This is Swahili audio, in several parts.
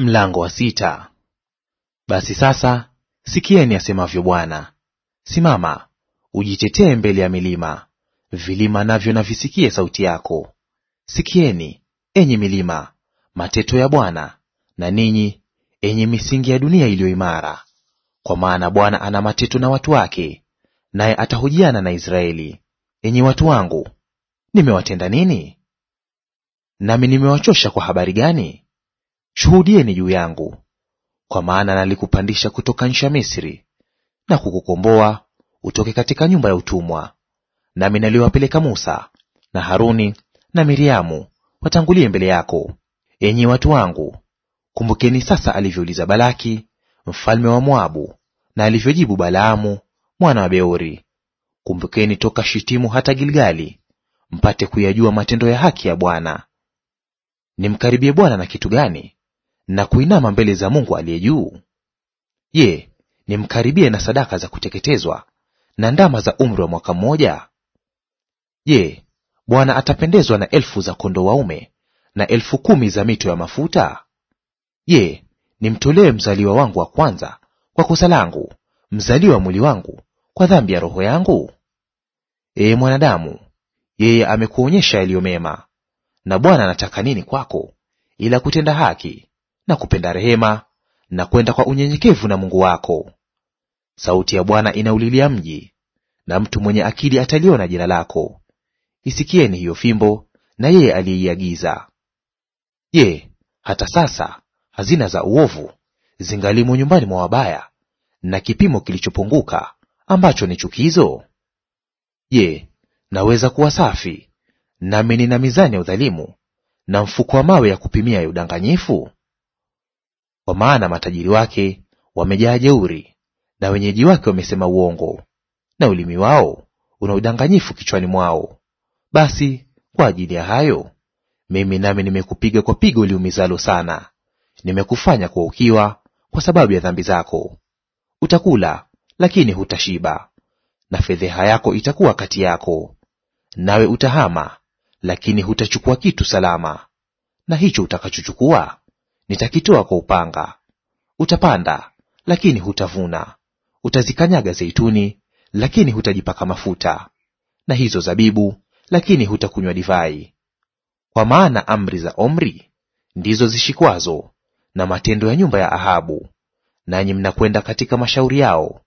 Mlango wa sita. Basi sasa sikieni asemavyo Bwana. Simama, ujitetee mbele ya milima; vilima navyo na visikie sauti yako. Sikieni, enyi milima, mateto ya Bwana, na ninyi, enyi misingi ya dunia iliyo imara. Kwa maana Bwana ana mateto na watu wake, naye atahojiana na Israeli. Enyi watu wangu, nimewatenda nini? Nami nimewachosha kwa habari gani? shuhudieni juu yangu, kwa maana nalikupandisha kutoka nchi ya Misri na kukukomboa utoke katika nyumba ya utumwa. Nami naliwapeleka Musa na Haruni na Miriamu watangulie mbele yako. Enyi watu wangu, kumbukeni sasa alivyouliza Balaki mfalme wa Moabu na alivyojibu Balaamu mwana wa Beori. Kumbukeni toka Shitimu hata Gilgali, mpate kuyajua matendo ya haki ya Bwana. Nimkaribie Bwana na kitu gani? na kuinama mbele za Mungu aliye juu? Je, nimkaribie na sadaka za kuteketezwa na ndama za umri wa mwaka mmoja? Je, Bwana atapendezwa na elfu za kondoo waume na elfu kumi za mito ya mafuta? Je, nimtolee mzaliwa wangu wa kwanza kwa kosa langu, mzaliwa mwili wangu kwa dhambi ya roho yangu? Ee mwanadamu, yeye amekuonyesha yaliyo mema, na Bwana anataka nini kwako ila kutenda haki na kupenda rehema na kwenda kwa unyenyekevu na Mungu wako. Sauti ya Bwana inaulilia mji, na mtu mwenye akili ataliona jina lako. Isikieni hiyo fimbo na yeye aliyeiagiza. Je, hata sasa hazina za uovu zingalimo nyumbani mwa wabaya, na kipimo kilichopunguka ambacho ni chukizo? Je, naweza kuwa safi, nami nina mizani ya udhalimu na mfuko wa mawe ya kupimia ya udanganyifu? Kwa maana matajiri wake wamejaa jeuri, na wenyeji wake wamesema uongo, na ulimi wao una udanganyifu kichwani mwao. Basi kwa ajili ya hayo mimi nami nimekupiga kwa pigo liumizalo sana, nimekufanya kwa ukiwa kwa sababu ya dhambi zako. Utakula lakini hutashiba, na fedheha yako itakuwa kati yako. Nawe utahama lakini hutachukua kitu salama, na hicho utakachochukua Nitakitoa kwa upanga. Utapanda lakini hutavuna, utazikanyaga zeituni lakini hutajipaka mafuta, na hizo zabibu lakini hutakunywa divai. Kwa maana amri za Omri ndizo zishikwazo, na matendo ya nyumba ya Ahabu, nanyi mnakwenda katika mashauri yao,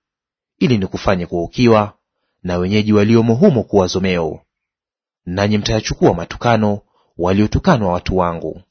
ili nikufanye kuwa ukiwa, na wenyeji waliomo humo kuwa zomeo. Nanyi mtayachukua matukano waliotukanwa watu wangu.